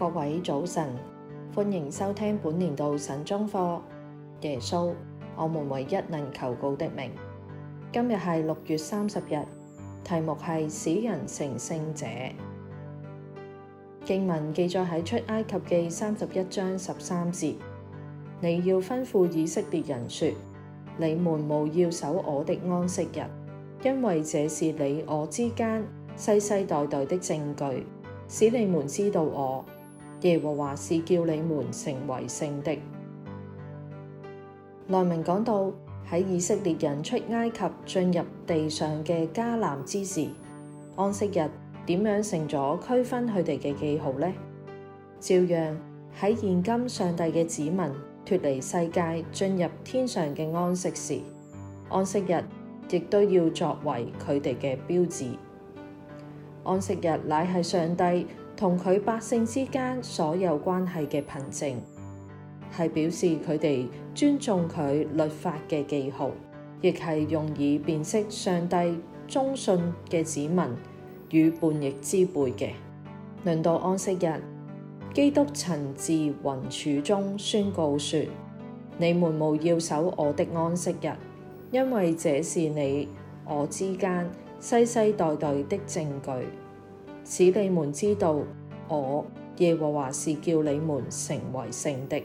各位早晨，歡迎收聽本年度神中課。耶穌，我們唯一能求告的名。今日係六月三十日，題目係使人成聖者。經文記載喺出埃及記三十一章十三節：你要吩咐以色列人說，你們務要守我的安息日，因為這是你我之間世世代代的證據，使你們知道我。耶和華是叫你們成為聖的。內文講到喺以色列人出埃及進入地上嘅迦南之時，安息日點樣成咗區分佢哋嘅記號呢？照樣喺現今上帝嘅子民脱離世界進入天上嘅安息時，安息日亦都要作為佢哋嘅標誌。安息日乃係上帝同佢百姓之間所有關係嘅憑證，係表示佢哋尊重佢律法嘅記號，亦係用以辨識上帝忠信嘅子民與叛逆之輩嘅。輪到安息日，基督曾自雲柱中宣告說：你們務要守我的安息日，因為這是你我之間世世代代的證據。使你們知道，我耶和華是叫你們成為聖的。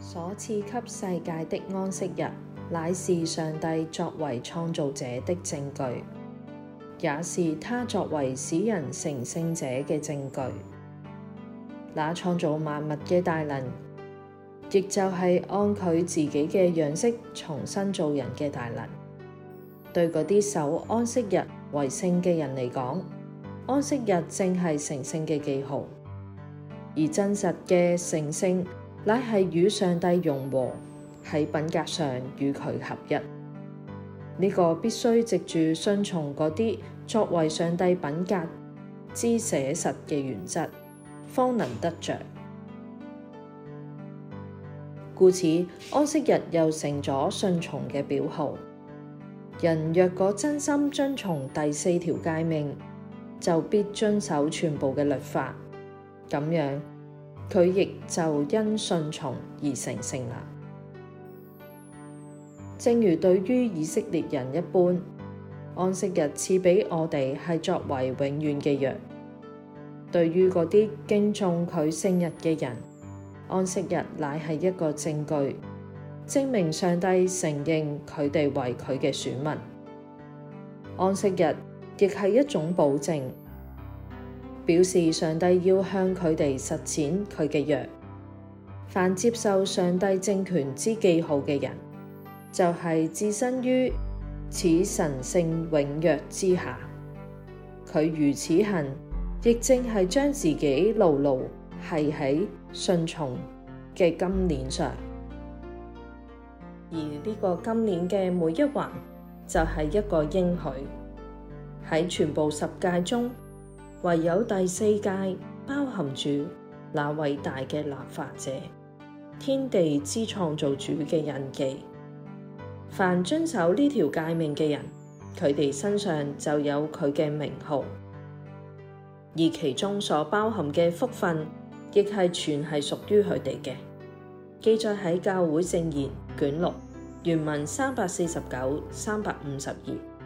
所賜給世界的安息日，乃是上帝作為創造者的證據，也是他作為使人成聖者嘅證據。那創造萬物嘅大能，亦就是按佢自己嘅樣式重新做人嘅大能。對嗰啲守安息日為聖嘅人嚟講。安息日正是成聖嘅記號，而真實嘅成聖乃係與上帝融和，喺品格上與佢合一。呢、這個必須藉住信從嗰啲作為上帝品格之寫實嘅原則，方能得着。故此，安息日又成咗信從嘅表號。人若果真心遵從第四條誡命，就必遵守全部嘅律法，咁樣佢亦就因順從而成聖啦。正如對於以色列人一般，安息日賜俾我哋係作為永遠嘅約。對於嗰啲敬重佢聖日嘅人，安息日乃係一個證據，證明上帝承認佢哋為佢嘅選民。安息日，亦係一種保證，表示上帝要向佢哋實踐佢嘅約。凡接受上帝政權之記號嘅人，就係置身於此神性神聖永約之下。佢如此行，亦正係將自己牢牢係喺信從嘅金鏈上。而呢個金鏈嘅每一環，就係一個應許。喺全部十誡中，唯有第四誡包含住那偉大嘅立法者，天地之創造主嘅印記。凡遵守呢條誡命嘅人，佢哋身上就有佢嘅名號，而其中所包含嘅福分，亦係全係屬於佢哋嘅。記載喺教會證言卷六，原文三百四十九、三百五十二。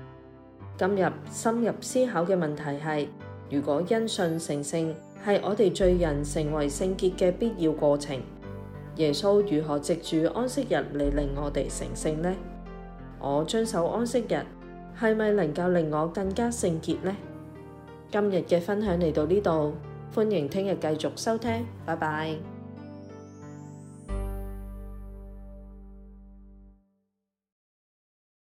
今日深入思考嘅問題係：如果因信成聖係我哋罪人成為聖潔嘅必要過程，耶穌如何藉住安息日嚟令我哋成聖呢？我遵守安息日，係咪能夠令我更加聖潔呢？今日嘅分享嚟到呢度，歡迎聽日繼續收聽，拜拜。